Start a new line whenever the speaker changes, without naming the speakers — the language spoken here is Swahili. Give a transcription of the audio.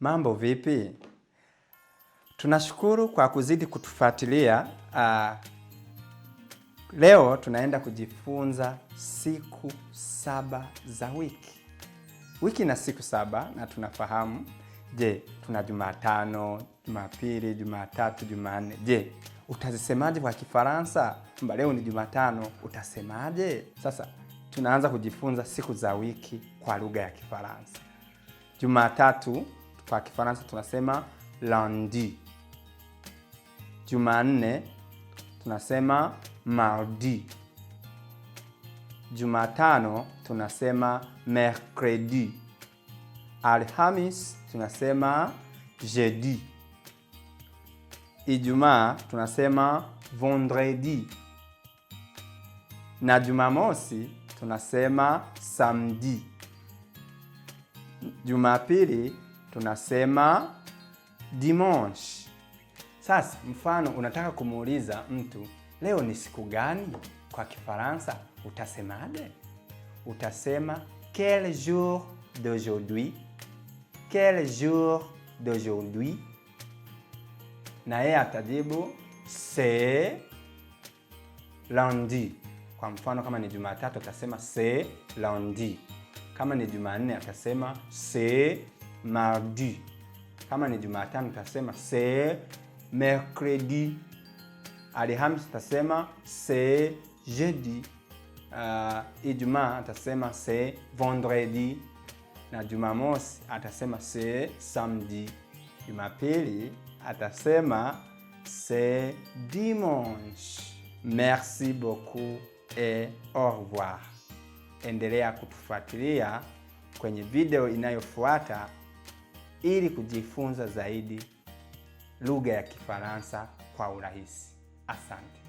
Mambo vipi? Tunashukuru kwa kuzidi kutufuatilia. Uh, leo tunaenda kujifunza siku saba za wiki. Wiki na siku saba na tunafahamu. Je, tuna Jumatano, Jumapili, Jumatatu, Jumanne. Je, utazisemaje kwa Kifaransa? Mba leo ni Jumatano, utasemaje? Sasa tunaanza kujifunza siku za wiki kwa lugha ya Kifaransa. Jumatatu kwa Kifaransa tunasema lundi. Jumanne tunasema mardi. Jumatano tunasema mercredi. Alhamis tunasema jeudi. Ijumaa tunasema vendredi na Jumamosi tunasema samedi. Jumapili tunasema dimanche. Sasa mfano unataka kumuuliza mtu leo ni siku gani kwa Kifaransa, utasemaje? Utasema quel jour d'aujourd'hui, quel jour d'aujourd'hui. Na yeye atajibu c'est lundi. Kwa mfano kama ni Jumatatu atasema c'est lundi, kama ni Jumanne atasema c'est mardi. Kama ni Jumatano tutasema c'est mercredi. Alhamisi tutasema c'est jeudi. Uh, Ijumaa atasema c'est vendredi na Jumamosi atasema c'est samedi. Jumapili atasema c'est dimanche. Merci beaucoup et au revoir. Endelea kutufuatilia kwenye video inayofuata ili kujifunza zaidi lugha ya Kifaransa kwa urahisi. Asante.